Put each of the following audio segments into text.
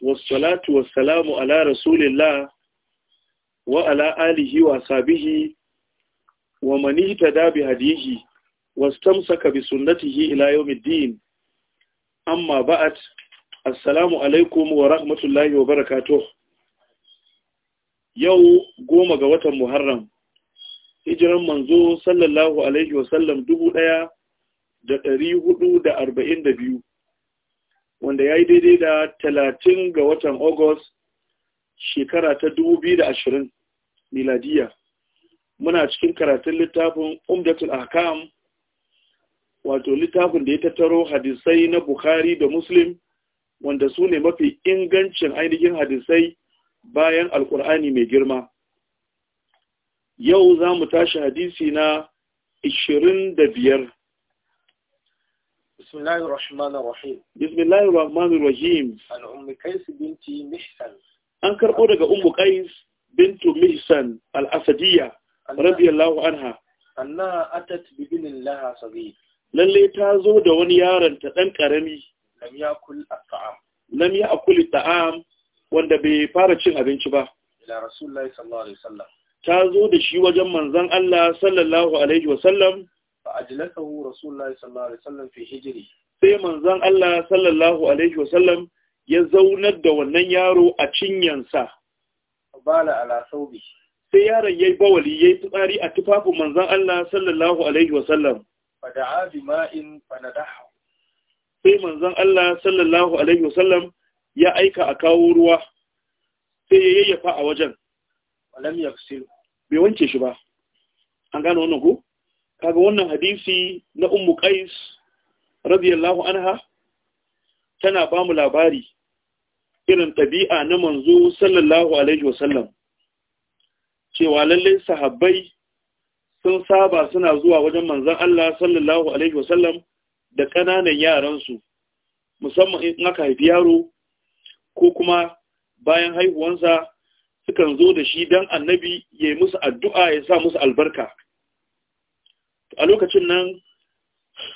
wasu salamu ala rasulillah wa ala alihi wa sabihi ta dabi hadihi wasu tam saka bi sunatihi ila yau middin an ba'at assalamu alaikum wa rahmatullahi wa barakato yau goma ga watan muharram hijiran manzo sallallahu alaihi wasallam dubu ɗaya da dari hudu da arba'in da biyu wanda ya yi daidai da talatin ga watan August shekara ta dubu biyu da ashirin miladiya. Muna cikin karatun littafin Umdatul Ahkam, wato littafin da ya tattaro hadisai na Bukhari da Muslim, wanda su ne mafi ingancin ainihin hadisai bayan alkur'ani mai girma. Yau za mu tashi hadisi na ishirin da biyar. بسم الله الرحمن الرحيم بسم الله الرحمن الرحيم عن أم قيس بنت محسن أنكر أورك أم قيس بنت محسن الأسدية رضي الله عنها أنها أتت بابن لها صغير lalle ta zo da wani yaron ta dan karami lam yakul at'am wanda bai fara cin abinci ba ila rasulullahi ta zo da shi wajen manzon Allah sallallahu alaihi فأجلسه رسول الله صلى الله عليه وسلم في حجره sai manzon Allah sallallahu alaihi wasallam ya zaunar da wannan yaro a cinyansa bala ala saubi sai yaron yayi bawali yayi tsari a tufafin manzon Allah sallallahu alaihi wasallam fada'a bima'in fanadahu sai manzon Allah sallallahu alaihi wasallam ya aika a kawo ruwa sai ya yayyafa a wajen walam yafsil bai wanke shi ba an gane wannan ko kaga wannan hadisi na ummu qais radiyallahu anha tana ba mu labari irin ɗabi'a na manzo sallallahu alaihi wasallam cewa lallai sahabbai sun saba suna zuwa wajen manzon Allah sallallahu alaihi wasallam da ƙananan yaransu musamman in aka haifi yaro ko kuma bayan haihuwansa sukan zo da shi dan annabi ya yi musu addu'a ya sa musu albarka a lokacin nan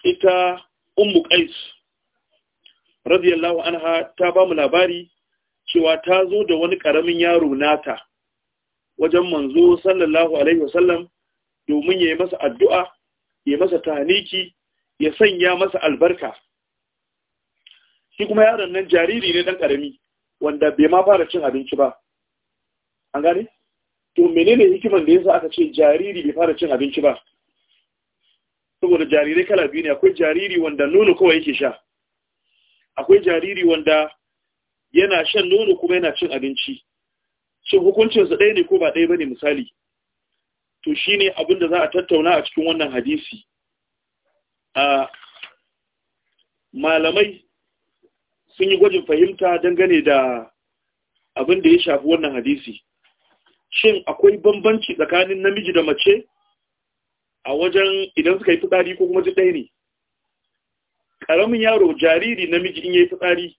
ita ummu qais radiyallahu anha ta ba mu labari cewa ta zo da wani karamin yaro nata wajen manzo sallallahu alaihi wasallam domin ya masa addu'a ya masa tahniki ya sanya masa albarka shi kuma yaron nan jariri ne dan karami wanda bai ma fara cin abinci ba an gane to menene hikiman da yasa aka ce jariri bai fara cin abinci ba saboda jarirai kala biyu ne akwai jariri wanda nono kawai yake sha akwai jariri wanda yana shan nono kuma yana cin abinci shin hukuncinsa ɗaya ne ko ba ɗaya ba ne misali to shi ne da za a tattauna a cikin wannan hadisi a malamai sun yi gwajin fahimta dangane da abin da ya shafi wannan hadisi shin akwai bambanci tsakanin namiji da mace a wajen idan suka yi fitsari ko kuma ji ɗaya ne ƙaramin yaro jariri namiji in ya yi fitsari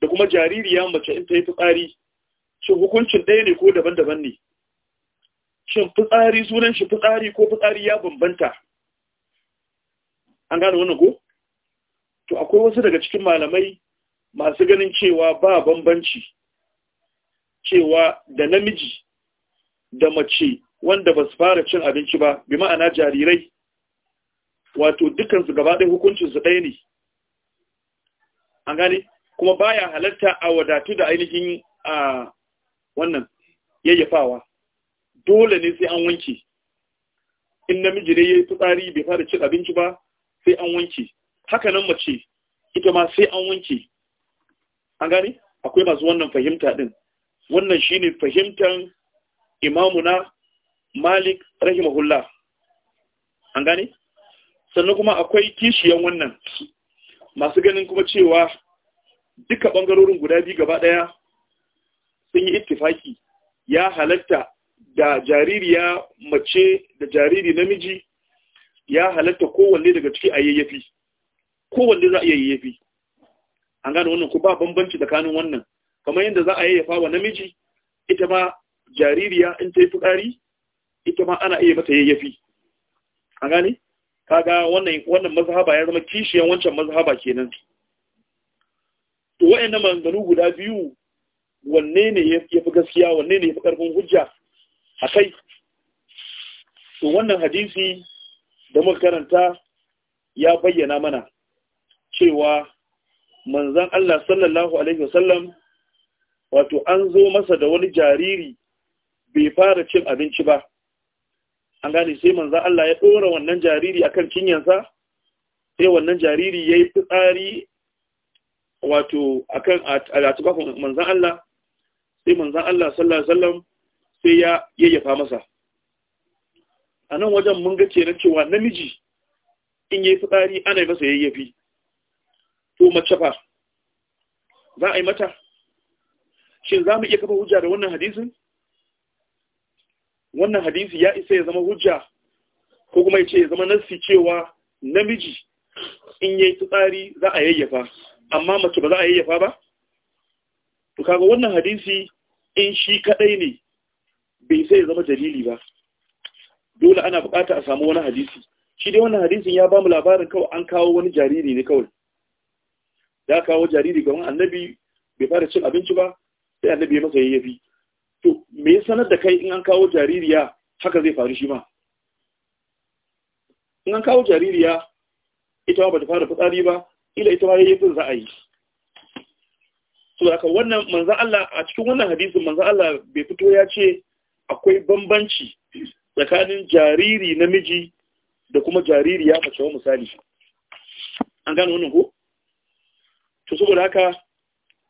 da kuma jariri ya mace in ta yi fitsari shin hukuncin ɗaya ne ko daban-daban ne shin fitsari sunan shi fitsari ko fitsari ya bambanta an gane wannan ko to akwai wasu daga cikin malamai masu ganin cewa ba bambanci cewa da namiji da mace wanda ba su fara cin abinci ba bi ma'ana jarirai wato dukansu gaba ɗaya hukuncinsu ɗaya ne an gane kuma baya halarta a wadatu da ainihin a wannan yayyafawa dole ne sai an wanke in namiji ne ya yi fitsari bai fara cin abinci ba sai an wanke haka nan mace ita ma sai an wanke an gane akwai masu wannan fahimta ɗin wannan shine fahimtan imamuna malik rahimahullah an gani? sannan kuma akwai kishiyan wannan masu ganin kuma cewa duka bangarorin guda biyu gaba daya sun yi ittifaki ya halatta da jaririya mace da jariri namiji ya halatta kowanne daga ciki a yayyafi kowanne za a yayyafi an gane wannan ku. ba bambanci tsakanin wannan kamar yadda za a yayyafa wa namiji ita ma jaririya in ta yi fukari ita ma ana iya mata yayyafi a gane kaga wannan wannan mazhaba ya zama kishiyan wancan mazhaba kenan to wayannan manzanu guda biyu wanne ne fi gaskiya wanne ne fi karfin hujja A kai. to wannan hadisi da muka karanta ya bayyana mana cewa manzan Allah sallallahu alaihi wasallam wato an zo masa da wani jariri bai fara cin abinci ba an gane sai manzan Allah ya ɗora wannan jariri a kan sai wannan jariri ya yi fitsari wato a kan atukafin manzan Allah sai manzan Allah sallallahu Alaihi sai ya yayyafa masa a nan wajen mun ga kenan cewa namiji in yi fitsari ana yi masa yayyafi to mace fa za a yi mata shin za mu iya kafa hujja da wannan hadisin wannan hadisi ya isa ya zama hujja ko kuma ya ce ya zama nassi cewa namiji in yayi tsari za a yayyafa amma mace ba za a yayyafa ba to kaga wannan hadisi in shi kadai ne bai sai ya zama dalili ba dole ana bukata a samu wani hadisi shi dai wannan hadisin ya bamu labarin kawai an kawo wani jariri ne kawai ya kawo jariri ga wani annabi bai fara cin abinci ba sai annabi ya masa yayyafi to me ya sanar da kai in an kawo jaririya haka zai faru shi ma in an kawo jaririya ita ma bata fara fitsari ba ila ita ma yayi bin za a yi so haka wannan manzo Allah a cikin wannan hadisin manzo Allah bai fito ya ce akwai bambanci tsakanin jariri namiji da kuma jaririya mace wa misali an gano wannan ko to saboda haka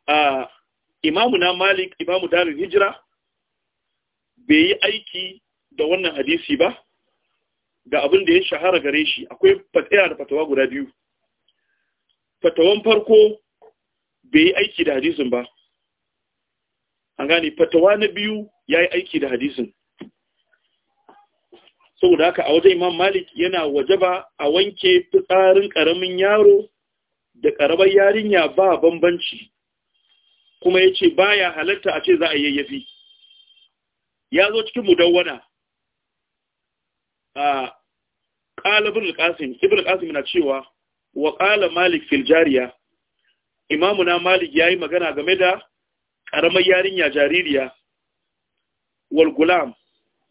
a imamu na malik imamu darul hijira bai yi aiki da wannan hadisi ba ga abin da ya shahara gare shi akwai fatsaya da fatawa guda biyu fatawan farko bai yi aiki da hadisin ba an gane fatawa na biyu ya yi aiki da hadisin saboda haka a wajen imam malik yana waje ba a wanke fitsarin karamin yaro da karamar yarinya ba bambanci kuma ya ce ba ya halatta a ce za a yayyafi ya zo cikin mudawwana a qalibul qasim ibn qasim na cewa wa ƙala malik fil jariya imamuna malik yayi magana game da ƙaramar yarinya jaririya wal gulam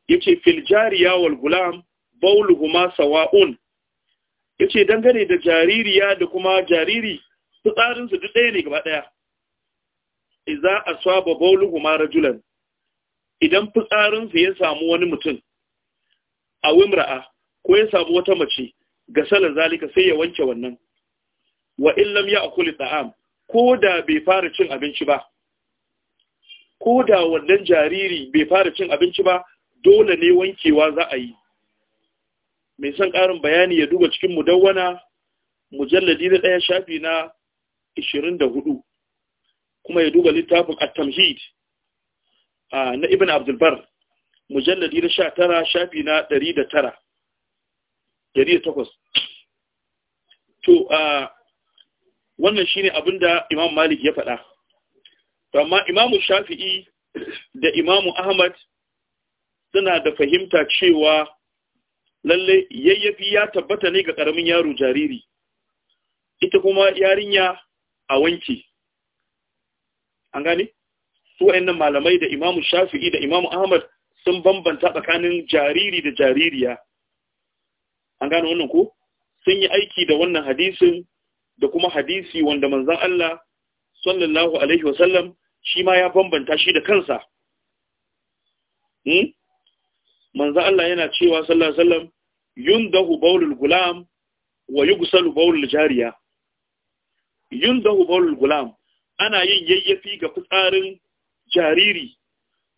yace fil jariya wal gulam bauluhuma sawa'un yace dangane da jaririya da kuma jariri su su duk ɗaya ne gaba ɗaya idza asaba bauluhuma rajulan idan fitsarinsa ya samu wani mutum a wimra'a ko ya samu wata mace ga salar zalika sai ya wanke wannan wa illam ya akuli ta'am ko da bai fara cin abinci ba ko da wannan jariri bai fara cin abinci ba dole ne wankewa za a yi mai son ƙarin bayani ya duba cikin mudawwana mujalladi na ɗaya shafi na 24 kuma ya duba littafin at-tamhid na ibn abdulbar mujalladi na sha tara shafi na ɗari da tara ɗari da takwas to wannan shine abin da imam malik ya faɗa to amma imamu shafi'i da imamu ahmad suna da fahimta cewa lalle yayyafi ya tabbata ne ga ƙaramin yaro jariri ita kuma yarinya a wanke. an gane su wayannan malamai da imamu shafi'i da imamu ahmad sun bambanta tsakanin jariri da jaririya an gane wannan ko sun yi aiki da wannan hadisin da kuma hadisi wanda manzan Allah sallallahu alaihi wasallam shi ma ya bambanta shi da kansa hmm? manzan Allah yana cewa sallallahu alaihi wasallam yundahu bawlul gulam wa yugsalu bawlul jariya gulam ana yin yayyafi ga fitsarin jariri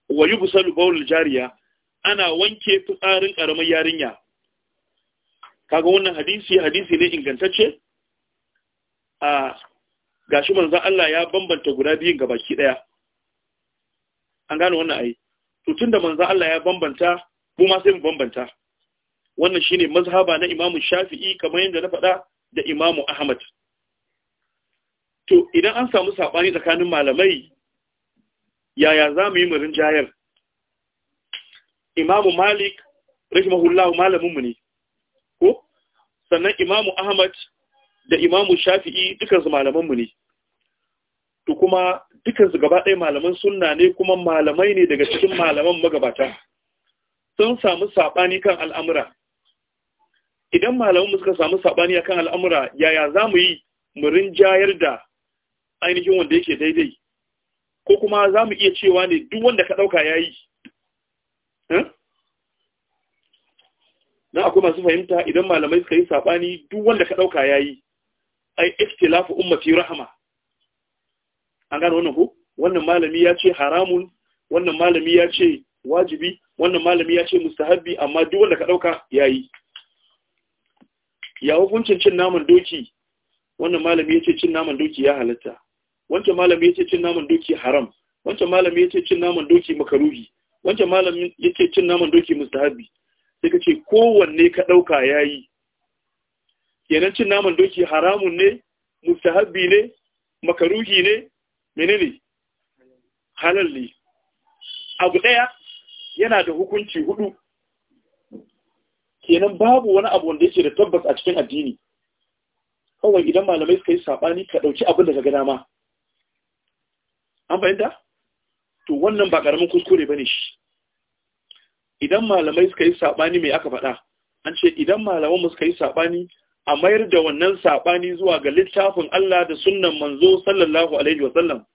wa yubsalu bawl jariya ana wanke fitsarin karamar yarinya kaga wannan hadisi hadisi ne ingantacce a gashi manzon Allah ya bambanta guda biyun baki daya an gane wannan ai to tunda manzon Allah ya bambanta mu ma sai mu bambanta wannan shine mazhaba na imamu Shafi'i kamar yadda na faɗa da imamu Ahmad to idan an samu sabani tsakanin malamai yaya za mu yi murin jayar imamu malik rahimahullahu malaminmu ne ko sannan imamu ahmad da imamu shafi'i dukansu malamanmu ne to kuma su gaba ɗaya malaman sunna ne kuma malamai ne daga cikin malaman magabata sun samu saɓani kan al'amura idan malamanmu suka samu saɓani kan al'amura yaya za mu yi murin jayar da ainihin wanda yake daidai ko kuma za mu iya cewa ne duk wanda ka ɗauka ya yi eh? na akwai masu fahimta idan malamai suka yi saɓani duk wanda ka ɗauka ya yi ai lafi ummati rahama an gano wannan ko wannan malami ya ce haramun wannan malami ya ce wajibi wannan malami ya ce mustahabbi amma duk wanda ka ɗauka ya yi ya hukuncin cin naman doki wannan malami ya ce cin naman doki ya halatta wancan malami yace cin naman doki haram wancan malami yace cin naman doki makaruhi wancan malami yace cin naman doki mustahabi sai kace ce kowanne ka dauka yayi kenan cin naman doki haramun ne mustahabi ne makaruhi ne menene halal ne abu daya yana da hukunci hudu kenan babu wani abu wanda yake da tabbas a cikin addini kawai idan malamai suka yi sabani ka dauki abin da ka ga dama an fahimta to wannan ba karamin kuskure bane shi idan malamai suka yi sabani mai aka faɗa an ce idan malaman mu suka yi sabani a mayar da wannan sabani zuwa ga littafin Allah da sunnan manzo sallallahu alaihi wa sallam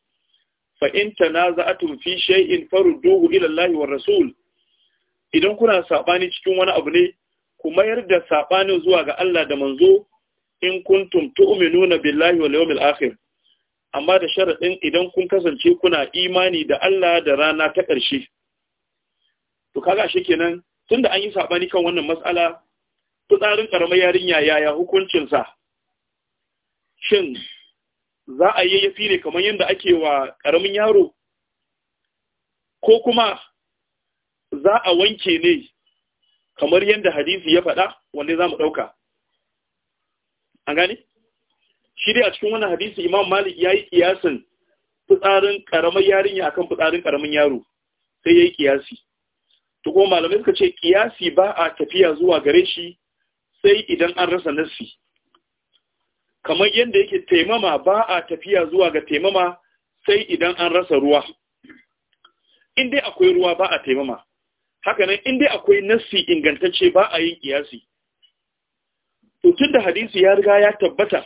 fa in tanaza'atum fi shay'in farudduhu ila Allah wa rasul idan kuna sabani cikin wani abu ne ku mayar da sabanin zuwa ga Allah da manzo in kuntum tu'minuna billahi wal yawmil akhir amma da sharaɗin idan kun kasance kuna imani da Allah da rana ta ƙarshe to kaga shi kenan tunda an yi saɓani kan wannan matsala tsarin ƙaramar yarinya yaya hukuncinsa shin za a yi yafi ne kamar yadda ake wa ƙaramin yaro ko kuma za a wanke ne kamar yadda hadisi ya faɗa wanda za mu ɗauka an gani shi dai a cikin wannan hadisi imam malik ya yi kiyasin fitsarin karamar yarinya akan fitsarin karamin yaro sai ya yi kiyasi to kuma malamai suka ce kiyasi ba a tafiya zuwa gare shi sai idan an rasa nassi kamar yadda yake taimama ba a tafiya zuwa ga taimama sai idan an rasa ruwa in dai akwai ruwa ba a taimama haka nan in dai akwai nassi ingantacce ba a yin kiyasi to tunda hadisi ya riga ya tabbata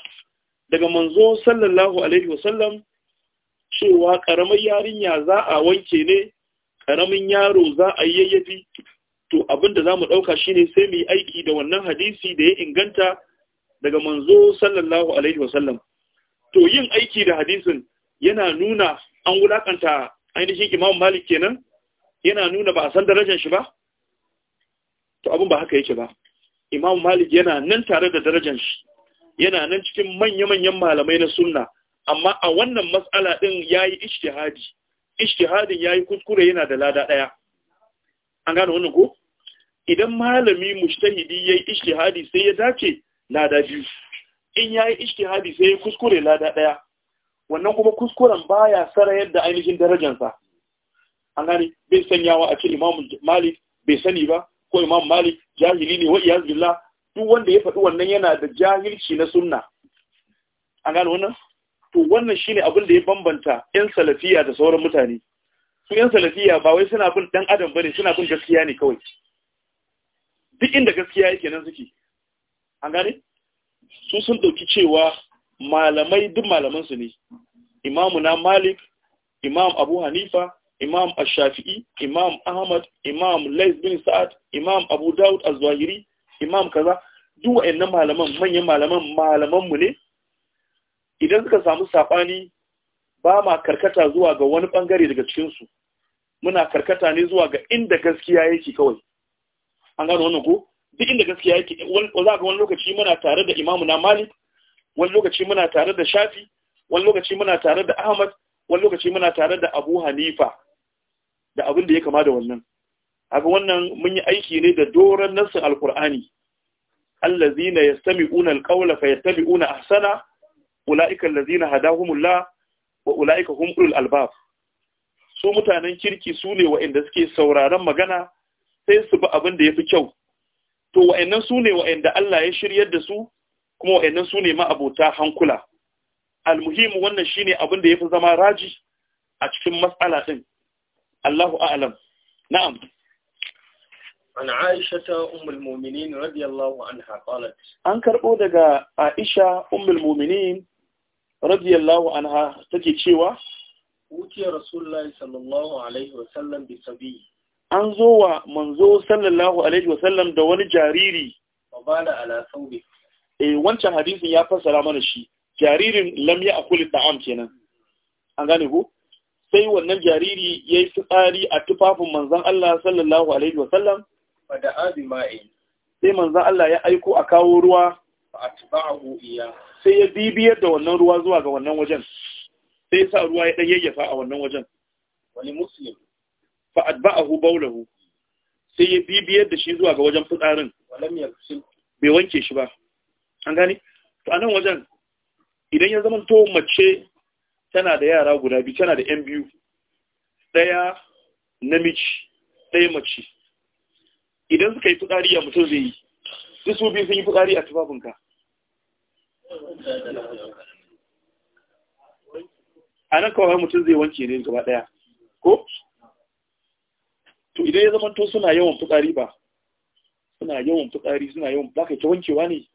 daga manzo sallallahu alaihi wasallam cewa ƙaramar yarinya za a wanke ne karamin yaro za a yayyafi to abinda za mu ɗauka shine sai mu yi aiki da wannan hadisi da ya inganta daga manzo sallallahu alaihi wasallam to yin aiki da hadisin yana nuna an wulakanta ainihin imam malik kenan yana nuna ba a san darajar shi ba to abin ba haka yake ba imam malik yana nan tare da darajar shi yana nan cikin manya-manyan malamai na sunna amma a wannan matsala ɗin ya yi ishtihadi ishtihadin ya yi kuskure yana da lada ɗaya an gane wani ko idan malami mushtahidi ya yi ishtihadi sai ya dace lada biyu in ya yi ishtihadi sai ya kuskure lada ɗaya wannan kuma kuskuren baya sara yadda ainihin darajansa an gane bai sanyawa a ce Imamu malik bai sani ba ko Imamu malik jahili ne wa iyaz duk wanda ya faɗi wannan yana da jahilci na sunna an gano wannan to wannan shine abin da ya bambanta yan salafiya da sauran mutane su yan salafiya ba wai suna bin dan adam bane suna bin gaskiya ne kawai duk inda gaskiya yake nan suke an gane su sun ɗauki cewa malamai duk malaman su ne imamu na malik imam abu hanifa imam ash-shafi'i imam ahmad imam lais bin sa'ad imam abu daud az-zahiri imam kaza duk wayannan malaman manyan malaman malaman mu ne idan suka samu sabani ba ma karkata zuwa ga wani bangare daga cikin su muna karkata ne zuwa ga inda gaskiya yake kawai an gano wannan ko duk inda gaskiya yake za ga wani lokaci muna tare da imamu na malik wani lokaci muna tare da shafi wani lokaci muna tare da ahmad wani lokaci muna tare da abu hanifa da abin da ya kama da wannan aga wannan mun yi aiki ne da doron nassin alkur'ani allazina yastami'una alqawla fayattabi'una ahsana ulaika allazina hadahumullah wa ulaika hum ulul albab su mutanen kirki su ne inda suke sauraron magana sai su bi abin da yafi kyau to wa'annan su ne wa'anda Allah ya shiryar da su kuma wa'annan su ne ma'abota hankula almuhim wannan shine abin da fi zama raji a cikin matsala din Allahu a'lam na'am an Aisha ta mu'minin radiyallahu anha qalat an karbo daga Aisha ummul mu'minin radiyallahu anha take cewa rasulullahi sallallahu alaihi wasallam bi sabi an zo wa manzo sallallahu alaihi wasallam da wani jariri babala ala eh wancan hadisin ya fassara mana shi jaririn lam ya akuli ta'am kenan an gane ko sai wannan jariri yayi fitsari a tufafin manzon Allah sallallahu alaihi wasallam Fada abi ma'in. Sai manzan Allah ya aiko a kawo ruwa. a atba'ahu iya. Sai ya bibiyar da wannan ruwa zuwa ga wannan wajen. Sai sa ruwa ya dan yayyafa a wannan wajen. Wani muslim. Fa atba'ahu baulahu. Sai ya bibiyar da shi zuwa ga wajen fitsarin. Walam yaghsil. Bai wanke shi ba. An gani? To a nan wajen idan ya zama to mace tana da yara guda biyu tana da yan biyu ɗaya namiji ɗaya mace idan suka yi fitsari a mutum zai yi duk su biyu sun yi fitsari a tufafinka a nan kawai mutum zai wanke ne gaba ɗaya ko to idan ya zama to suna yawan fitsari ba suna yawan fitsari suna yawan ba kai ta wankewa ne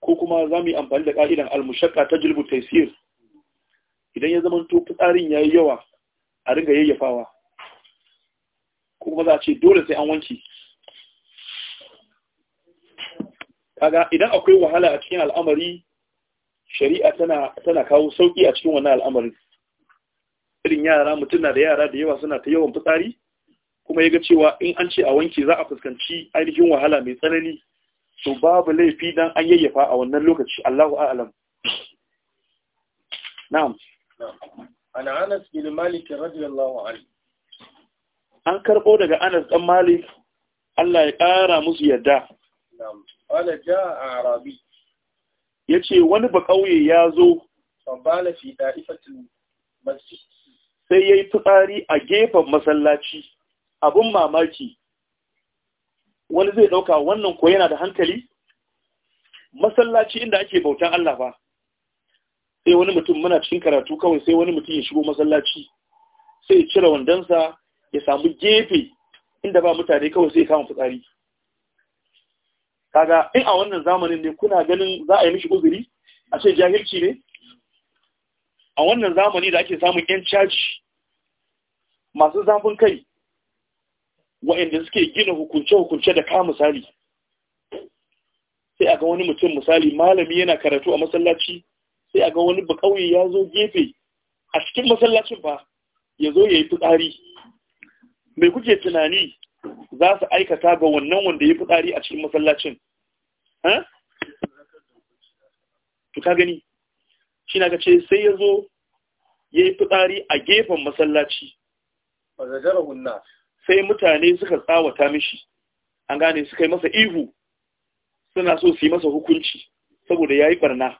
ko kuma za mu yi amfani da ƙa'idan almushakka ta jirgin taisir idan ya zama to fitsarin ya yi yawa a ringa yayyafawa ko kuma za a ce dole sai an wanke kaga idan akwai wahala a cikin al'amari shari'a tana tana kawo sauki a cikin wannan al'amari irin yara mutum na da yara da yawa suna ta yawan fitsari kuma ya ga cewa in an ce a wanke za a fuskanci ainihin wahala mai tsanani to babu laifi dan an yayyafa a wannan lokaci Allahu a'lam na'am an Anas bin Malik radiyallahu anhu an karbo daga Anas dan Malik Allah ya ƙara musu yadda. Kala ja a Arabi. Ya ce wani ba ƙauye ya zo. Fabala fi ɗa'ifatin masu. Sai ya yi fitsari a gefen masallaci. Abun mamaki. Wani zai ɗauka wannan ko yana da hankali? Masallaci inda ake bautan Allah ba. Sai wani mutum muna cikin karatu kawai sai wani mutum ya shigo masallaci. Sai ya cire wandonsa ya samu gefe inda ba mutane kawai sai ya kama fitsari. kaga in a wannan zamanin ne kuna ganin za a yi mishi uzuri a ce jahilci ne a wannan zamani da ake samun yan caji masu zafin kai wa'inda suke gina hukunce-hukunce da ka misali sai a ga wani mutum misali malami yana karatu a masallaci sai a ga wani bakauye ya zo gefe a cikin masallacin ba ya zo ya yi fitsari mai kuke tunani za su aikata ga wannan wanda ya fitsari a cikin masallacin Tuka ka gani shi na ce sai ya zo ya yi fitsari a gefen masallaci sai mutane suka tsawata mishi an gane suka yi masa ihu suna so su yi masa hukunci saboda ya yi barna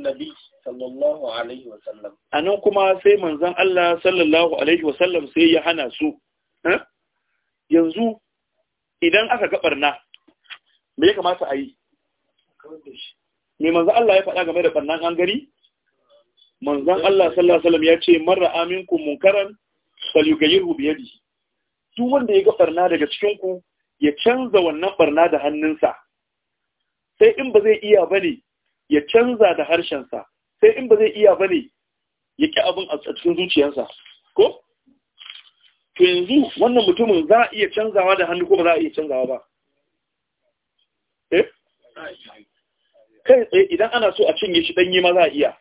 nabi sallallahu alaihi wasallam a nan kuma sai manzan Allah sallallahu alaihi wasallam sai ya hana su Eh? yanzu idan aka ga barna me ya kamata a yi me manzan Allah ya faɗa game da barnan an gari manzan Allah sallallahu ya ce marra aminkum munkaran falyughayyirhu bi duk wanda ya ga barna daga cikinku, ya canza wannan barna da hannunsa sai in ba zai iya bane ya canza da harshensa sai in ba zai iya bane ya ƙi abin a cikin zuciyarsa ko to yanzu wannan mutumin za a iya canzawa da hannu ko ba za a iya canzawa ba eh kai tsaye idan ana so a cinye shi danye ma za a iya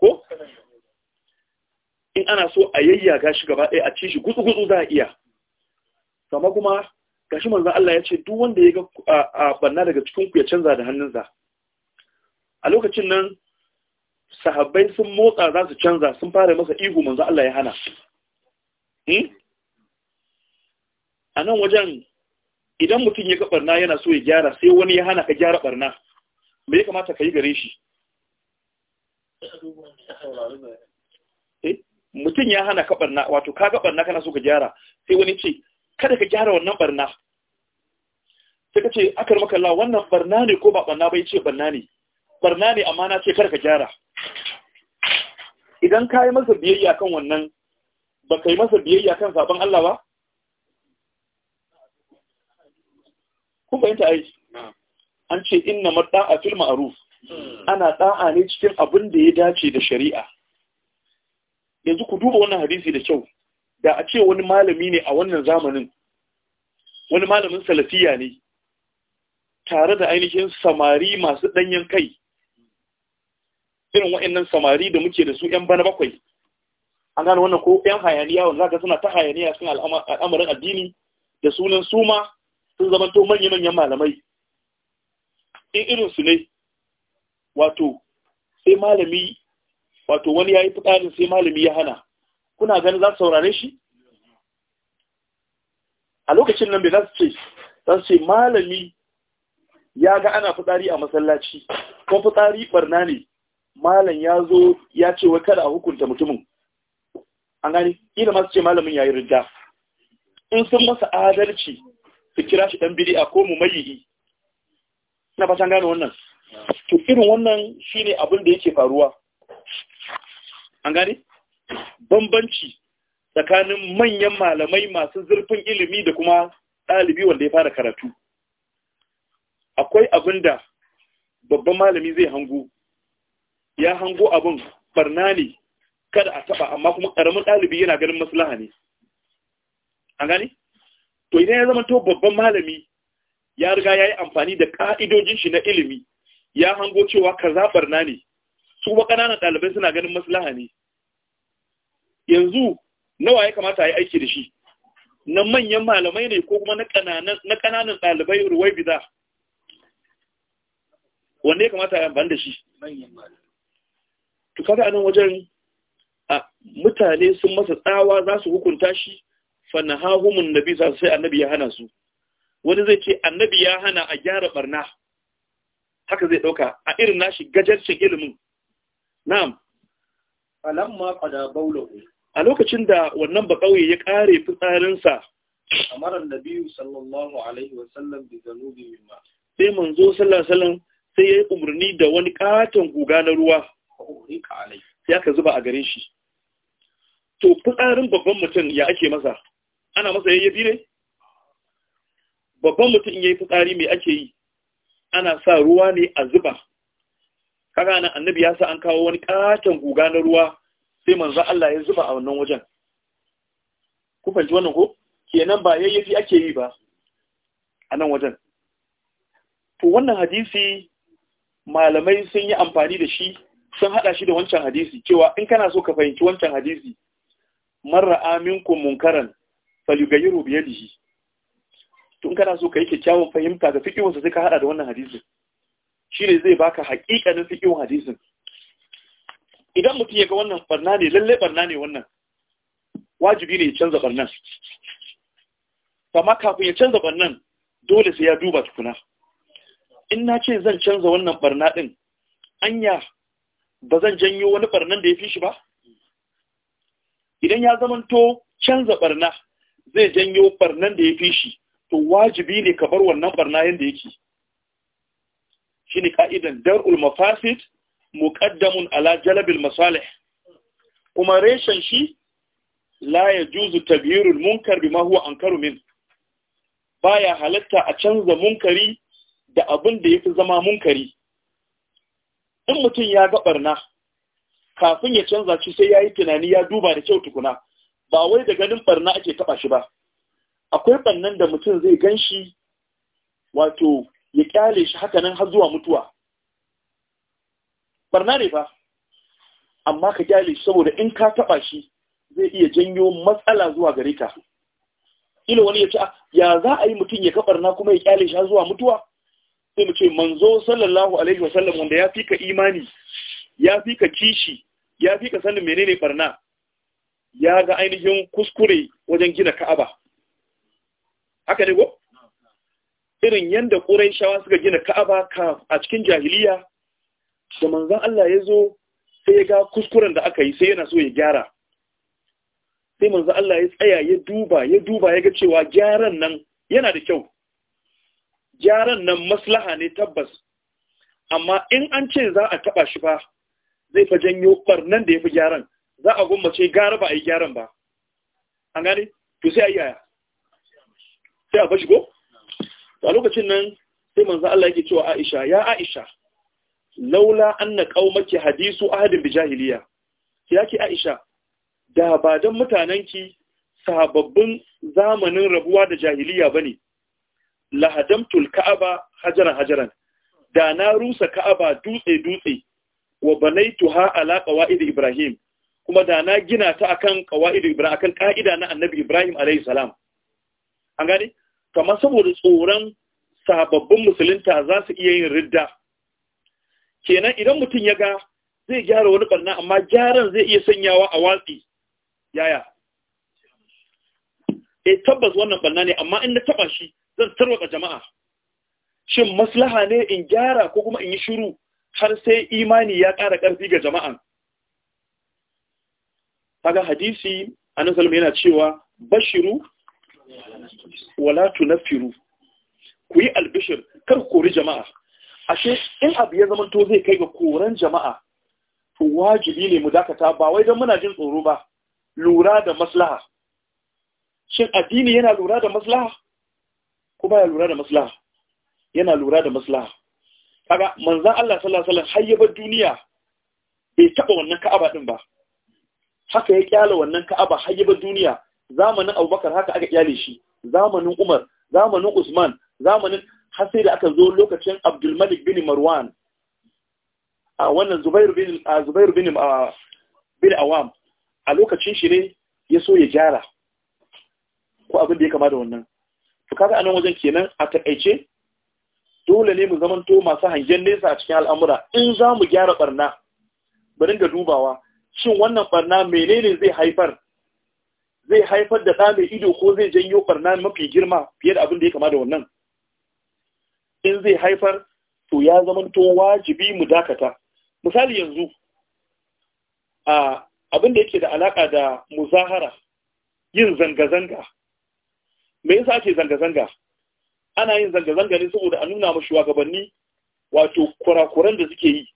ko in ana so a yayyaga shi gaba ɗaya a ci shi gutsu-gutsu za a iya Kama kuma gashi manzo Allah ya ce duk wanda ya ga a banna daga cikin ku ya canza da hannunsa a lokacin nan sahabbai sun motsa za su canza sun fara masa ihu manzo Allah ya hana hmm? a nan wajen idan mutum ya ga barna yana so ya gyara sai wani ya hana ka gyara barna me ya kamata ka yi gare shi eh, mutum ya hana ka barna wato ka ga barna kana so ka gyara sai wani ce kada ka gyara wannan barna sai ka ce akar makalla wannan barna ne ko ba barna bai ce barna ne barna ne amma na ce kada ka gyara idan ka yi masa biyayya kan wannan ba ka yi masa biyayya kan zaben Allah ba kun fahimta aiki. an ce inna a fil ma'aruf. ana da'a ne cikin abin da ya dace da shari'a yanzu ku duba wannan hadisi da kyau da a ce wani malami ne a wannan zamanin wani malamin salafiya ne tare da ainihin samari masu ɗanyen kai irin wa'annan samari da muke da su 'yan bana bakwai an gane wannan ko 'yan hayaniya wanda suna ta hayaniya sun al'amarin addini da sunan suma sun zama to manya-manyan malamai in irinsu ne wato sai malami wato wani ya yi fitarin sai malami ya hana kuna gani za su saurare shi a lokacin nan bai za su ce za su ce malami ya ga ana fitsari a masallaci ko fitsari barna ne malam ya zo ya ce wai kada a hukunta mutumin an gani ina masu ce malamin ya yi rida in sun masa adalci su kira shi dan a ko yi. ina fatan gane wannan to irin wannan shine abin da yake faruwa an gane bambanci tsakanin manyan malamai masu zurfin ilimi da kuma ɗalibi wanda ya fara karatu akwai abin da babban malami zai hango ya hango abin barna ne kada a taba amma kuma ƙaramin ɗalibi yana ganin maslaha ne an gane to idan ya zama to babban malami ya riga ya yi amfani da ka'idojin shi na ilimi ya hango cewa zaɓar na ne su kuma ƙananan ɗalibai suna ganin maslaha ne yanzu nawa ya kamata a yi aiki da shi na manyan malamai ne ko kuma na ƙananan ɗalibai ruwai biza wanda ya kamata a amfani da shi to a nan wajen a mutane sun masa tsawa za su hukunta shi fanahahumun nabi nabi sai annabi ya hana su wani zai ce annabi ya hana a gyara barna haka zai dauka a irin nashi gajarcin ilimin na'am alamma qada bawlahu a lokacin da wannan ba kauye ya kare fitsarinsa amara nabi sallallahu alaihi wasallam bi zanubi mimma sai manzo sallallahu alaihi wasallam sai yayi umarni da wani katon guga na ruwa sai aka zuba a gare shi to fitsarin babban mutum ya ake masa ana masa yayyafi ne babban mutum yayi fitsari mai ake yi ana sa ruwa ne a zuba kaga nan annabi ya sa an kawo wani katon guga na ruwa sai manzo Allah ya zuba a wannan wajen ku fahimci wannan ko kenan ba yayyafi ake yi ba a nan wajen to wannan hadisi malamai sun yi amfani da shi sun hada shi da wancan hadisi cewa in kana so ka fahimci wancan hadisi man ra'a munkaran falyugayiru biye da shi tun kana so ka yi kyakkyawan fahimta ga fiƙiwansa sai ka haɗa da wannan hadisin shi ne zai baka hakikanin fiƙiwan hadisin idan mutum ya ga wannan barna ne lallai barna ne wannan wajibi ne ya canza barnan amma kafin ya canza barnan dole sai ya duba tukuna in na ce zan canza wannan barna din, anya ba zan janyo wani barnan da ya fi shi ba idan ya zamanto canza barna zai janyo barnan da ya fi shi to wajibi ne ka bar wannan barna yadda yake shi ne ka'idan dar'ul mafasid muqaddamun ala jalabil masalih kuma reshen shi la ya juzu tabhirul munkar bima huwa ankaru min baya halatta a canza munkari da abin da yafi zama munkari in mutum ya ga barna kafin ya canza shi sai yayi tunani ya duba da kyau tukuna ba wai da ganin barna ake taba shi ba akwai bannan da mutum zai gan shi wato ya kyale shi haka nan har zuwa mutuwa barna ne ba amma ka kyale shi saboda in ka taba shi zai iya janyo matsala zuwa gare ka ila wani ya ce ah, ya za a yi mutum ya ka kabarna kuma ya kyale shi har zuwa mutuwa sai mu ce manzo sallallahu alaihi wasallam wanda ya fika imani ya ka kishi ya fika sanin menene barna ya ga ainihin kuskure wajen gina ka'aba haka ne ko irin yadda shawa suka gina ka'aba a cikin jahiliya da manzan Allah ya zo sai ya ga kuskuren da aka yi sai yana so ya gyara sai manzan Allah ya tsaya ya duba ya duba ya ga cewa gyaran nan yana da kyau gyaran nan maslaha ne tabbas amma in an ce za a taɓa shi ba, zai fa janyo ɓarnan da ya fi gyaran za a gwammace gara ba a yi gyaran ba an gane to sai a yi yaya sai a bashi go a lokacin nan sai manzan Allah yake cewa Aisha ya Aisha laula an na qaumaki hadisu ahadin bi jahiliya yake Aisha da ba don mutanenki sababbin zamanin rabuwa da jahiliya ba bane lahadamtul ka'aba hajaran hajaran da na rusa ka'aba dutse dutse wa banaituha alaƙawa qawaid ibrahim kuma da na gina ta akan kawaidu ibrahim akan ka'ida na annabi ibrahim alayhi salam an gane kamar saboda tsoron sababbin musulunta za su iya yin ridda kenan idan mutum ya ga zai gyara wani barna amma gyaran zai iya sanyawa a watsi yaya eh tabbas wannan barna ne amma in na taba shi zan tarwaka jama'a shin maslaha ne in gyara ko kuma in yi shiru har sai imani ya ƙara ƙarfi ga jama'an kaga hadisi annabi sallallahu yana cewa bashiru wala tunfiru ku yi albishir kar ku kori jama'a ashe in abu ya zama zai kai ga koran jama'a to wajibi ne mu dakata ba wai don muna jin tsoro ba lura da maslaha shin addini yana lura da maslaha ko baya lura da maslaha yana lura da maslaha kaga manzon Allah sallallahu alaihi wasallam hayyabar duniya bai taɓa wannan ka'aba din ba haka ya kyale wannan ka'aba har yaba duniya zamanin abubakar haka aka kyale shi zamanin umar zamanin usman zamanin har sai da aka zo lokacin abdulmalik bin marwan a wannan zubair bin bin awam a lokacin shi ne ya so ya jara ko abin da ya kama da wannan to kaga anan wajen kenan a takaice dole ne mu zamanto masu hangen nesa a cikin al'amura in za mu gyara barna bari ga dubawa shin wannan barna menene zai haifar zai haifar da ɗa mai ido ko zai janyo barna mafi girma fiye da abin da ya kama da wannan in zai haifar to ya zamanto wajibi mu dakata misali yanzu a abin da yake da alaka da muzahara yin zanga-zanga me yasa ake zanga-zanga ana yin zanga-zanga ne saboda a nuna mashi shugabanni wato kurakuran da suke yi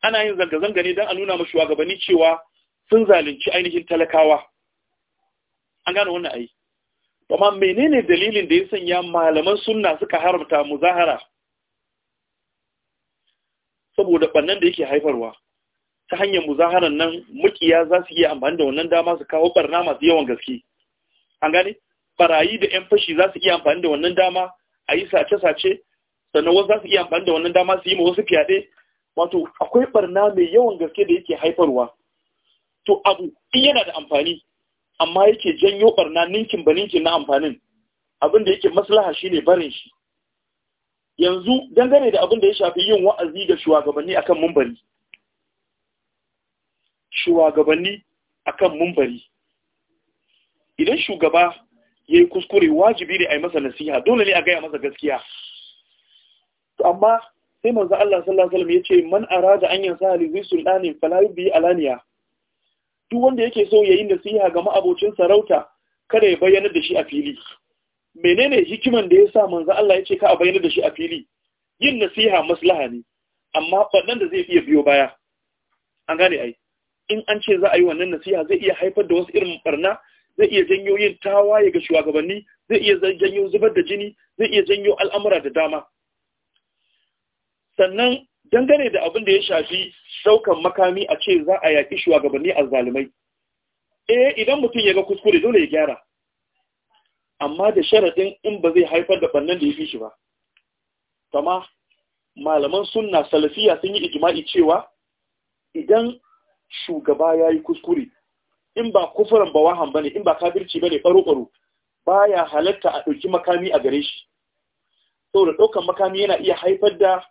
ana yin zanga-zanga ne don a nuna mashi shugabanni cewa sun zalunci ainihin talakawa an gane wannan ayi amma menene dalilin da ya sanya malaman sunna suka haramta muzahara saboda bannan da yake haifarwa ta hanyar muzaharan nan mukiya za su iya amfani da wannan dama su kawo barna masu yawan gaske an gane barayi da 'yan fashi za su iya amfani da wannan dama a yi sace-sace sannan wasu za su iya amfani da wannan dama su yi ma wasu fyaɗe wato akwai barna mai yawan gaske da yake haifarwa to abu in yana da amfani amma yake janyo barna ninkin ba ninkin na amfanin abin da yake maslaha shine barin shi yanzu dangane da abin da ya shafi yin wa'azi ga shugabanni akan mumbari shugabanni akan mumbari idan shugaba yayi kuskure wajibi ne a yi masa nasiha dole ne a gaya masa gaskiya amma sai manzo Allah sallallahu alaihi wasallam yace man arada an yansa li zai sultanin fala alaniya duk wanda yake so yayin nasiha ga ma'abocin sarauta kada ya bayyana da shi a fili menene hikiman da yasa manzo Allah yace ka a bayyana da shi a fili yin nasiha maslaha ne amma fadan da zai iya biyo baya an gane ai in an ce za a yi wannan nasiha zai iya haifar da wasu irin barna zai iya janyo yin tawaye ga shugabanni zai iya janyo zubar da jini zai iya janyo al'amura da dama sannan dangane da abin da ya shafi saukan makami a ce za a yaƙi shugabanni a zalimai eh idan mutum ya ga kuskure dole ya gyara amma da sharaɗin in ba zai haifar da bannan da ya fi shi ba kama malaman sunna salafiya sun yi ijima'i cewa idan shugaba ya yi kuskure in ba kufuran ba wahan ba ne in ba kafirci ba ne ɓaro-ɓaro ba ya halatta a ɗauki makami a gare shi saboda ɗaukan makami yana iya haifar da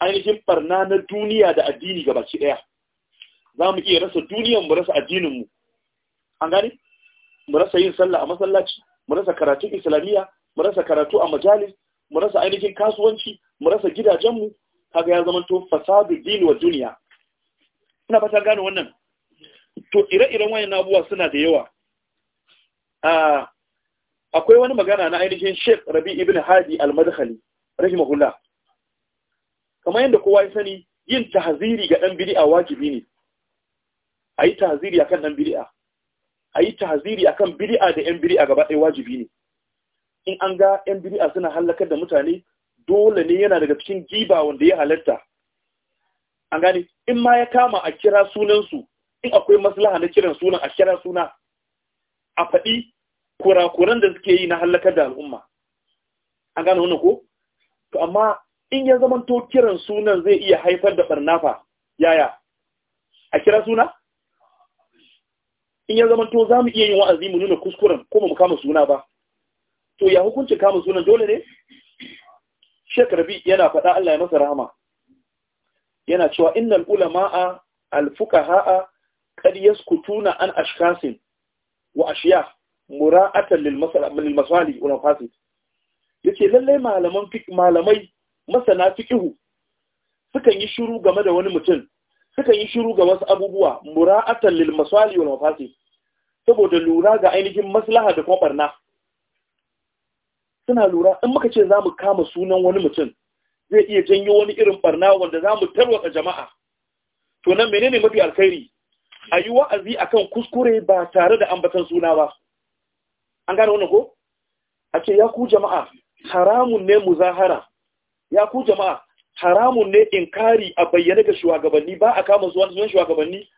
ainihin barna na duniya da addini ga baki ɗaya za mu iya rasa duniyan mu rasa addininmu an gane mu rasa yin sallah a masallaci mu rasa karatun islamiyya mu rasa karatu a majalis mu rasa ainihin kasuwanci mu rasa gidajenmu kaga ya zama to fasadu dini wa duniya ina fata gane wannan to ire-iren wayan abubuwa suna da yawa akwai wani magana na ainihin Sheikh Rabi ibn Hadi al-Madkhali rahimahullah kamar yadda kowa ya sani yin tahziri ga dan bid'a wajibi ne ayi tahziri akan dan bid'a ayi tahziri akan bid'a da yan bid'a gaba ɗaya wajibi ne in an ga yan bid'a suna halakar da mutane dole ne yana daga cikin giba wanda ya halarta an gane in ma ya kama a kira sunansu in akwai maslaha na kiran sunan a kira suna a faɗi kurakuran da suke yi na halakar da al'umma an gane wannan ko to amma in ya zama to kiran sunan zai iya haifar da barnafa yaya a kira suna in ya zama to za mu iya yin wa'azi mu nuna kuskuren ko mu kama suna ba to ya hukunci kama sunan dole ne Sheikh Rabi yana faɗa Allah ya masa rahama yana cewa innal ulama'a al-fuqaha'a qad yaskutuna an ashkasin wa ashiya mura'atan lil masalih wa mafasid yace lalle malaman malamai masana fiqhu sukan yi shiru game da wani mutum sukan yi shiru ga wasu abubuwa mura'atan lil masali wal mafasi saboda lura ga ainihin maslaha da kuma barna suna lura in muka ce zamu kama sunan wani mutum zai iya janyo wani irin barna wanda zamu tarwata jama'a to nan menene mafi alkhairi ayi wa'azi akan kuskure ba tare da ambatan suna ba an gane wannan ko a ce ya ku jama'a haramun ne muzahara ya ku jama'a haramun ne inkari a bayyana ga shugabanni ba a kama zuwa zuwan shugabanni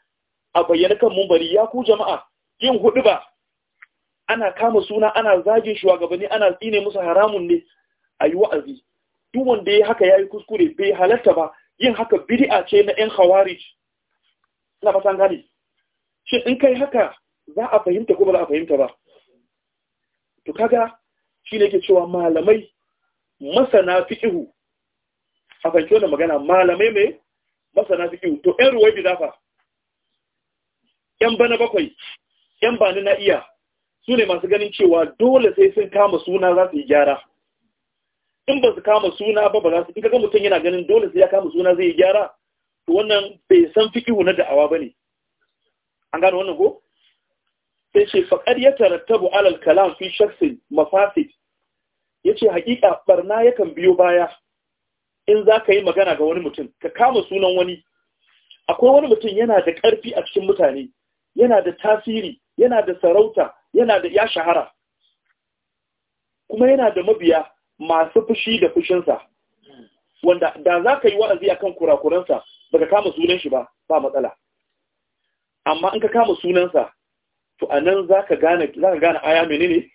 a bayyana kan mumbari ya ku jama'a yin hudu ba ana kama suna ana zagin shugabanni ana tsine musu haramun ne a yi wa'azi duk wanda ya haka ya yi kuskure bai halarta ba yin haka bid'a ce na 'yan khawarij na fatan gani shi in kai haka za a fahimta ko ba za a fahimta ba to kaga shi ne ke cewa malamai masana fiƙihu a fahimci magana malamai mai masana suke to ƴan ruwai zafa ƴan bana bakwai ƴan bani na iya su ne masu ganin cewa dole sai sun kama suna za su yi gyara in ba su kama suna ba ba za su in mutum yana ganin dole sai ya kama suna zai yi gyara to wannan bai san fikihu na da'awa ba ne an gano wannan ko sai ce faƙar ya tarattabu alal kalam fi shaksin mafasid ya ce haƙiƙa ɓarna yakan biyo baya in za ka yi magana ga wani mutum ka kama sunan wani akwai wani mutum yana da ƙarfi a cikin mutane yana da tasiri yana da sarauta yana da ya shahara kuma yana da mabiya masu fushi da fushinsa wanda da za ka yi wa'azi a kan kurakuransa ba ka kama sunan shi ba ba matsala amma in ka kama sunansa to a nan za ka gane aya menene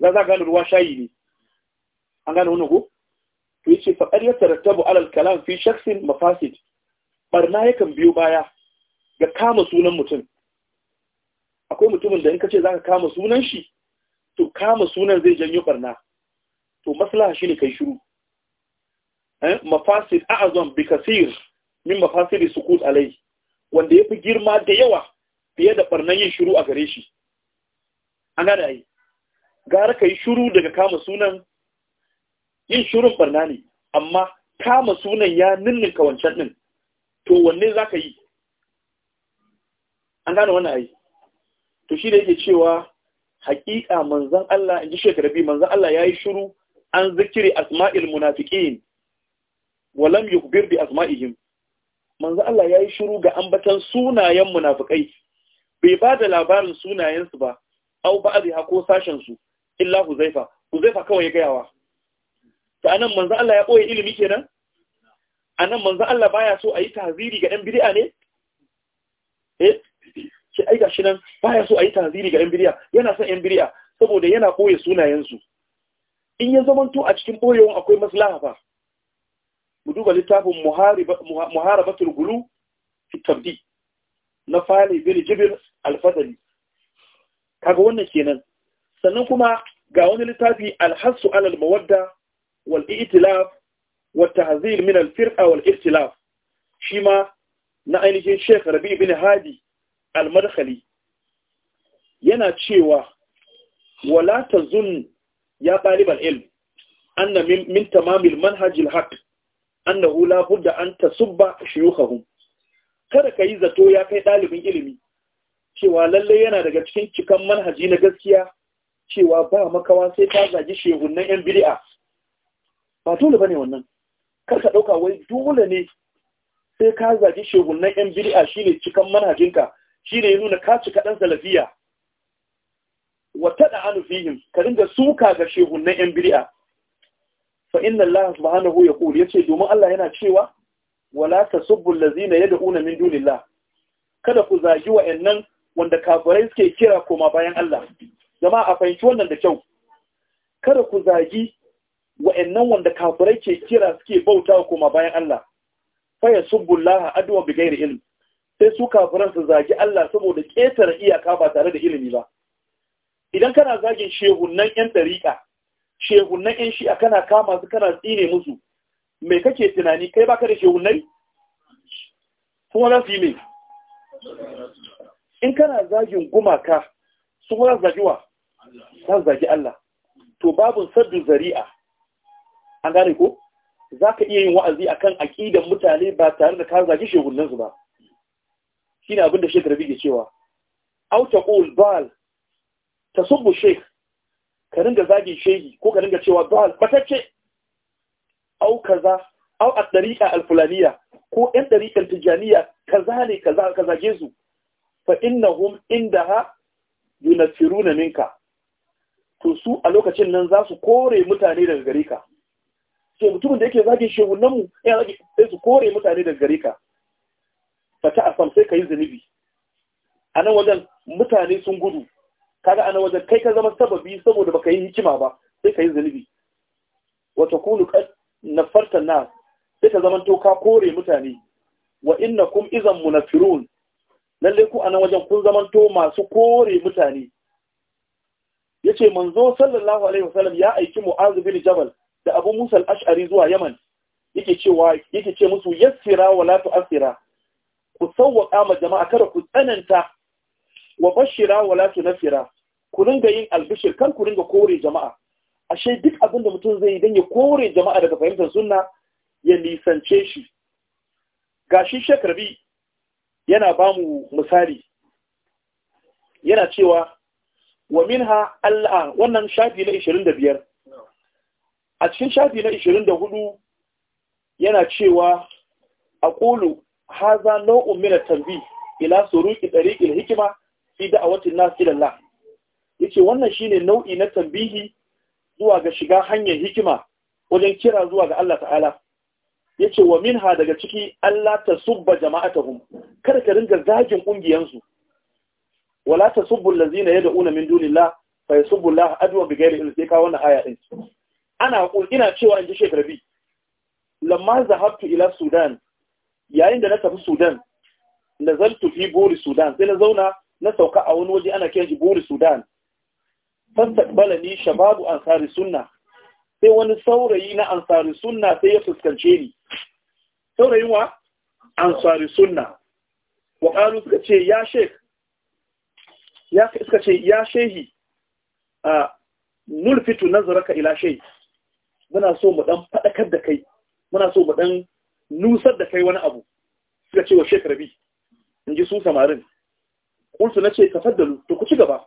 za ka gane ruwa shayi ne an gane wani ko to yace fa qad yatarattabu ala al-kalam fi shakhsin mafasid barna yakan biyo baya ga kama sunan mutum akwai mutumin da in kace zaka kama sunan shi to kama sunan zai janyo barna to maslaha shine kai shiru eh mafasid bikasir, bi kaseer min mafasid sukut alai wanda yafi girma da yawa fiye da barnan yin shiru a gare shi an ai gara kai shiru daga kama sunan yin shirin barna ne amma kama sunan ya ninninka wancan ɗin to wanne za ka yi an gane wannan ai to shi da yake cewa haƙiƙa manzan Allah in ji shekara biyu manzan Allah ya yi shiru an zikiri asma'il munafikin, walam hubir da asma'ihim manzan Allah ya yi shiru ga ambatan sunayen munafikai bai ba da labarin sunayensu ba au ba a ko sashensu illa huzaifa huzaifa kawai ya gayawa to anan manzo Allah ya boye ilimi kenan anan manzo Allah baya so a taziri ga ɗan bid'a ne eh shi ai gashi nan baya so a yi taziri ga ɗan bid'a yana son ɗan bid'a saboda yana boye sunayensu in ya zamanto a cikin boyewan akwai maslaha fa mu duba littafin muharabatul gulu fi tabdi na fali bin jibir alfadali kaga wannan kenan sannan kuma ga wani littafi alhassu alal mawadda wal i'tilaf wa tahzir min al firqa wal ikhtilaf shi ma na ainihin Sheikh Rabi bin Hadi al-Madkhali yana cewa wala tazun ya talib al-ilm anna minta tamamil manhaj al-haq annahu la budda an tasubba shuyukhahum kada kai zato ya kai ɗalibin ilimi cewa lallai yana daga cikin cikan manhaji na gaskiya cewa ba makawa sai ta zagi shehunan yan bidi'a? ba dole bane wannan kar ka dauka wai dole ne sai ka zagi shegunan yan bid'a shine cikan manhajinka shine ya nuna ka cika dan salafiya wa tad'anu fihim ka dinga suka ga shegunan yan bid'a fa inna Allah subhanahu yaqul yace domin Allah yana cewa wala tasubbu allazina yad'una min dunillah kada ku zagi wa wa'annan wanda kafirai suke kira koma bayan Allah jama'a a fahimci wannan da kyau kada ku zagi wa'annan wanda kafirai ke kira suke bauta kuma bayan Allah fa yasubbullaha adwa bi ghairi ilm sai su kafiran su zagi Allah saboda ƙetare iyaka ba tare da ilimi ba idan kana zagin shehunnan yan dariƙa shehunnan yan shi'a kana kama su kana tsine musu me kake tunani kai baka da shehunnai kuma za su yi me in kana zagin gumaka su kuma za zagi wa za zagi Allah to babu saddu zari'a an gane ko za ka iya yin wa'azi a kan aƙidan mutane ba tare da ka zagi shegunansu ba shi ne abinda shekar bige cewa auta ul ba'al ta bu shek ka ringa zagi shegi ko ka ringa cewa ba'al batacce au kaza au a ɗariƙa alfulaniya ko ‘yan ɗariƙar tijjaniya kaza ne kaza ka zage su fa inna hum inda ha na minka to su a lokacin nan za su kore mutane daga gare ka sai mutumin da yake zagin shegunan mu ya zagi? sai su kore mutane daga gare ka fata a sam sai ka yi zunubi a nan wajen mutane sun gudu kaga a nan wajen kai ka zama sababi saboda baka yi hikima ba sai ka yi zunubi wata kunu na farta na sai ka zama ka kore mutane wa inna kum izan munafirun lalle ku a nan wajen kun zama to masu kore mutane yace manzo sallallahu alaihi wasallam ya aiki mu'azubin jabal da abu musa ashari zuwa yaman yake cewa yake ce musu yassira wa la tu'assira ku sawwaka ma jama'a kada ku tsananta wa bashira wa la tunfira ku ringa yin albishir kan ku ringa kore jama'a ashe duk abin da mutum zai yi dan ya kore jama'a daga fahimtar sunna ya nisance shi gashi shekarbi yana bamu misali yana cewa wa minha Allah wannan shafi na 25 a cikin shafi na 24 yana cewa a ƙulu haza nau'un mina tambi, tanbih ila ɗari tariqil hikima, fi da an nasu ila Ya ce wannan shi ne nau'i na tambihi zuwa ga shiga hanyar hikima wajen kira zuwa ga Allah ta'ala ce wa minha daga ciki Allah ta ta jama'atuhum kada ka ringa zagin ƙungiyansu wala tasubbu ya da'una min dunillah fa yasubbu Allah adwa bighairi ilmi sai ka wannan aya ɗin ana ina cewa in ji shekara bi lamma zahabtu ila sudan yayin da na tafi sudan nazaltu fi buri sudan sai na zauna na sauka a wani waje ana kiyaye buri sudan ni shababu ansari sunna sai wani saurayi na ansari sunna sai ya fuskance ni saurayin wa ansari sunna wa qalu suka ce ya sheikh ya suka ce ya shehi a nulfitu nazaraka ila shehi muna so mu dan fadakar da kai muna so mu dan nusar da kai wani abu suka ce wa Sheikh Rabi in ji sun samarin kunsu nace faddalu, to ku ci gaba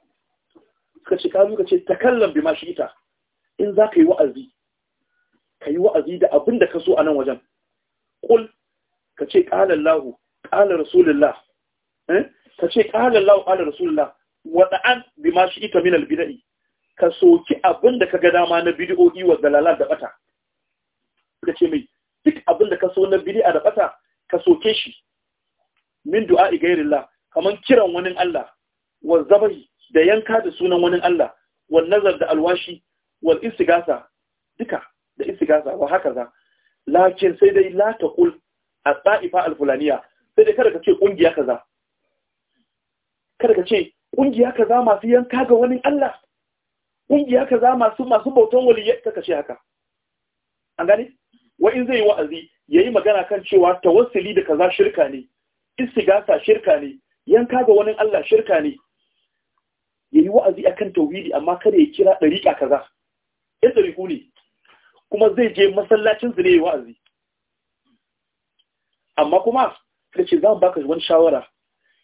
suka ce ka ka ce takallam bi mashita ita in za ka yi wa'azi ka yi wa'azi da abin da ka so a nan wajen kul ka ce qala Allah qala rasulullah eh ka ce qala Allah qala rasulullah wa da'an bi mashita ita min al-bida'i ka soki abin da ka ga dama na bidiyoyi wa dalalar da bata Ka ce mai duk abin da ka so na bidi'a da bata ka soke shi min du'a i la Kamar kiran wani Allah wa zabai da yanka da sunan wani Allah wal nazar da alwashi wal istigasa duka da istigasa wa haka za lakin sai dai la kul a taifa Alfulaniya. sai dai kada ka ce kungiya kaza kada ka ce kungiya kaza masu yanka ga wani Allah ƙungiya kaza masu masu bautan waliyyai ka kashe haka an gane wa in zai wa'azi yayi magana kan cewa tawassuli da kaza shirka ne istigasa shirka ne yanka ga wani Allah shirka ne yayi wa'azi akan tauhidi amma kada ya kira dariƙa kaza in dariƙu ne kuma zai je masallacin su ne yayi wa'azi amma kuma kace zan baka wani shawara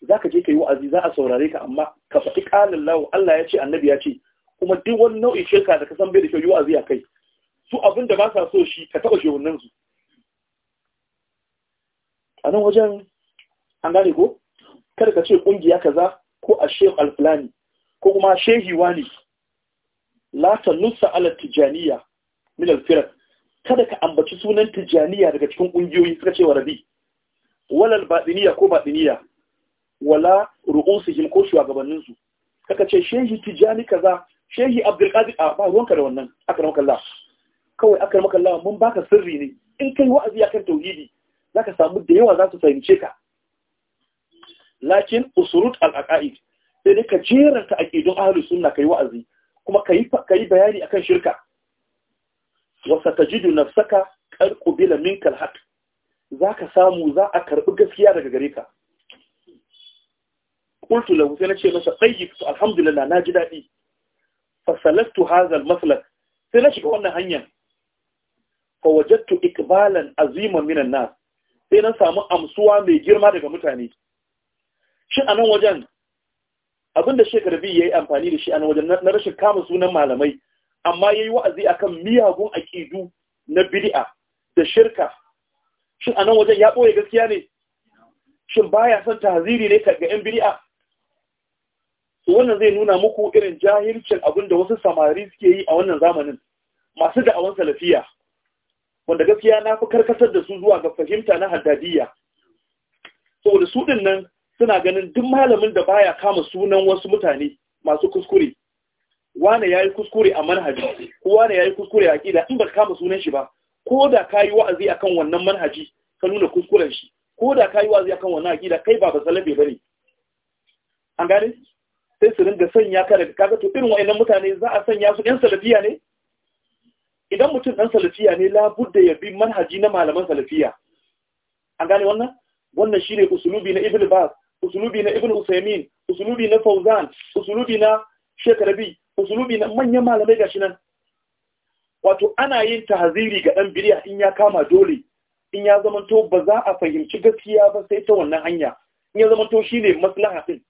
zaka je ka yi wa'azi za a saurare ka amma ka faɗi qalallahu Allah ya ce annabi ya ce kuma duk wani nau'in shirka da ka san bai da kyau a a kai su abin da ba sa so shi ka taɓa shehunan su a nan wajen an gane ko kada ka ce ƙungiya kaza ko a shehu alfulani ko kuma shehi wani lata nusa ala tijaniya min alfirar kada ka ambaci sunan tijaniya daga cikin ƙungiyoyi suka ce wa rabi walal baɗiniya ko baɗiniya wala ru'usihim ko shugabanninsu kaka ce shehi tijani kaza shehi abdulkadir a ba ruwanka da wannan akar makalla kawai akar makalla mun baka sirri ne in kai wa'azi akan tauhidi ka samu da yawa za su fahimce ka lakin usurut al-aqaid sai dai ka jeranta aqidun ahlus sunna kai wa'azi kuma kai kai bayani akan shirka wa satajidu nafsaka bila minka al-haq ka samu za a karbi gaskiya daga gare ka qultu lahu na ce masa tayyib alhamdulillah na ji daɗi. fasalattu hazal maslak sai na shiga wannan hanyar fa ikbalan aziman minan nas sai na samu amsuwa mai girma daga mutane shi a nan wajen abinda biyu ya yi amfani da shi a nan wajen na rashin kama sunan malamai amma ya yi wa'azi a kan miyagun aƙidu na bidi'a da shirka shi a nan wajen ya ɓoye gaskiya ne Shin ba son taziri ne ga 'yan bidi'a to wannan zai nuna muku irin jahilcin abin da wasu samari suke yi a wannan zamanin masu da'awan salafiya wanda gaskiya na fi karkatar da su zuwa ga fahimta na haddadiyya saboda su din nan suna ganin duk malamin da baya kama sunan wasu mutane masu kuskure wane yayi kuskure a manhaji ko wane yayi kuskure a aqida in ba kama sunan shi ba ko da kayi wa'azi akan wannan manhaji ka nuna kuskuren shi ko da kayi wa'azi akan wannan aqida kai ba salafi bane an gane sai su ringa sanya ka daga kaga to irin wa'annan mutane za a sanya su ɗan salafiya ne idan mutum ɗan salafiya ne labudda ya bi manhaji na malaman salafiya an gane wannan wannan shi ne usulubi na ibn Bas, usulubi na ibn usaimin usulubi na fauzan usulubi na shekarabi usulubi na manyan malamai gashi nan wato ana yin tahaziri ga ɗan biriya in ya kama dole in ya zamanto ba za a fahimci gaskiya ba sai ta wannan hanya in ya zamanto shi ne maslaha ɗin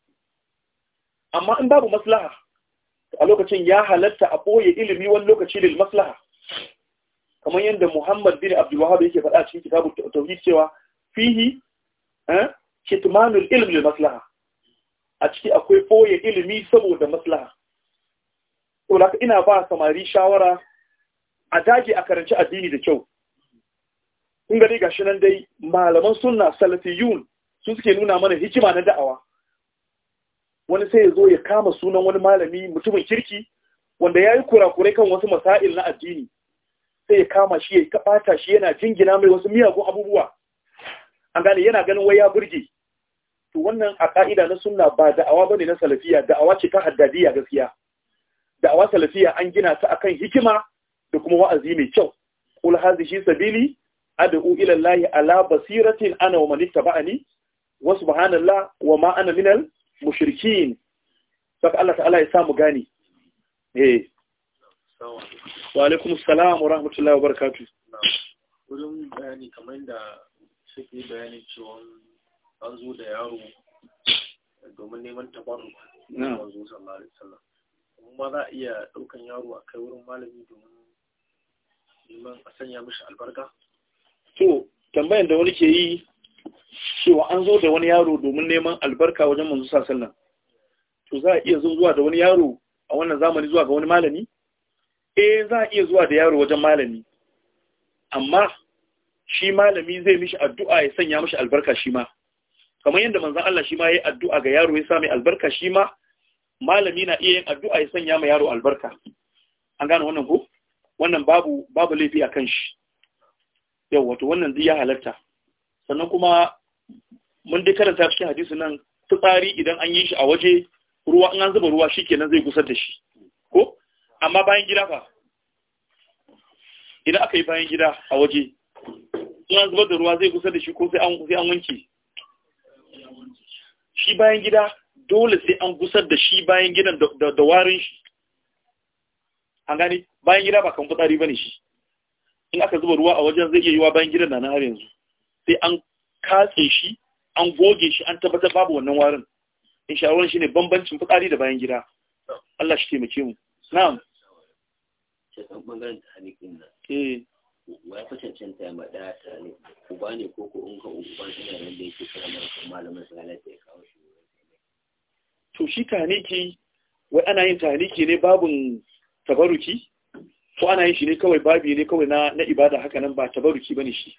amma in babu maslaha a lokacin ya halatta a boye ilimi wani lokaci lil maslaha kamar yadda Muhammad bin Abdul Wahhab yake faɗa cikin kitabu tauhid cewa fihi eh, kitmanul ilmi maslaha a ciki akwai boye ilimi saboda maslaha to laka ina ba samari shawara a dage a karanci addini da kyau kun gani gashi nan dai malaman sunna salafiyun su suke nuna mana hikima na da'awa wani sai ya zo ya kama sunan wani malami mutumin kirki wanda ya yi kurakurai kan wasu masail na addini sai ya kama shi ya yi kaɓata shi yana jingina mai wasu miyagun abubuwa an gane yana ganin wai ya burge to wannan a ka'ida na sunna ba da'awa ba ne na salafiya da'awa ce ta haddadiya gaskiya da'awa salafiya an gina ta akan hikima da kuma wa'azi mai kyau Kul hadhihi sabili ad'u ila llahi ala basiratin ana wa man ittaba'ani wa subhanallah wa ma ana minal mushrikin saka Allah ta'ala ya samu gane eh wa alaikum assalam wa rahmatullahi wa barakatuh wurin bayani kamar da suke bayanin cewa an zo da yaro domin neman tabarru na wanzu sallallahu alaihi wasallam kuma za a iya daukan yaro a kai wurin malami domin neman a sanya mishi albarka to tambayan da wani ke yi cewa an zo da wani yaro domin neman albarka wajen manzo sa sallan to za a iya zuwa da wani yaro a wannan zamani zuwa ga wani malami eh za a iya zuwa da yaro wajen malami amma shi malami zai mishi addu'a ya sanya mishi albarka shi ma kamar yadda manzon Allah shi ma yayi addu'a ga yaro ya sa mai albarka shi ma malami na iya yin addu'a ya sanya mai yaro albarka an gane wannan ko wannan babu babu laifi akan shi yau wato wannan zai ya halatta sannan kuma mun dai karanta cikin hadisi nan fitsari idan an yi shi a waje ruwa an zuba ruwa shi kenan zai gusar da shi ko amma bayan gida fa idan aka yi bayan gida a waje in an zubar da ruwa zai gusar da shi ko sai an sai an wanke shi bayan gida dole sai an gusar da shi bayan gidan da warin shi an gane bayan gida ba kan fitsari bane shi in aka zuba ruwa a wajen zai iya yiwa bayan gidan na har yanzu sai an katse shi an goge shi an tabbatar babu wannan warin insha Allah shine bambancin fitsari da bayan gida Allah shi taimake mu na'am shekan bangaren tarihin nan eh ya fi cancanta ya maɗa ta ne uba ne ko ko unka uban ina nan da yake karamar malamin salat ya kawo shi to shi tahaniki wai ana yin tahaniki ne babun tabaruki ko ana yin shi ne kawai babi ne kawai na ibada haka nan ba tabaruki bane shi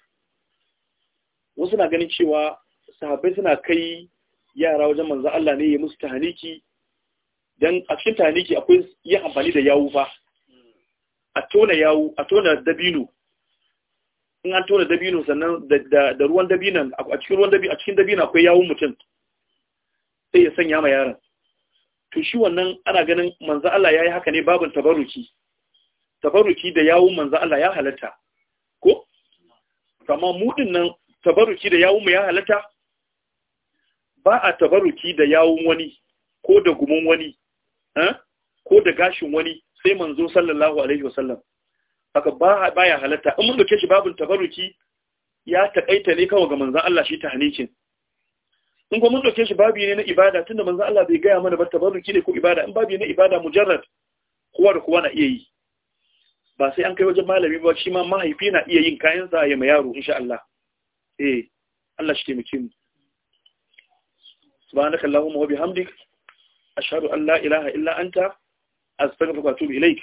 wasu na ganin cewa sahabbai suna kai yara wajen manzan Allah ne ya musu tahaniki, dan a cikin tahaniki akwai yin amfani da yawu fa a tona yawu a tona dabino in an tona dabino sannan da ruwan dabinan a cikin ruwan dabino a cikin dabino akwai yawun mutum sai ya sanya ma yaron to shi wannan ana ganin manzan Allah yayi haka ne babin tabaruki tabaruki da yawun manzan Allah ya halatta ko Kama mudin nan tabaruki da yawun ya halatta ba a tabaruki da yawun wani ko da gumin wani eh, ko da gashin wani sai manzo sallallahu alaihi wasallam haka ba baya halatta in mun dauke shi babun tabaruki ya takaita ne kawai ga manzon Allah shi tahnicin in kuma mun dauke shi babu ne na ibada tunda manzon Allah bai gaya mana ba tabaruki ne ko ibada in babu ne na ibada mujarrad kowa da kowa na iya yi ba sai an kai wajen malami ba shi ma mahaifi na iya yin sa ya ma yaro insha Allah eh Allah shi taimake mu subhanaka allahumma wa bihamdik ashhadu an la ilaha illa anta astaghfiruka wa atubu ilaik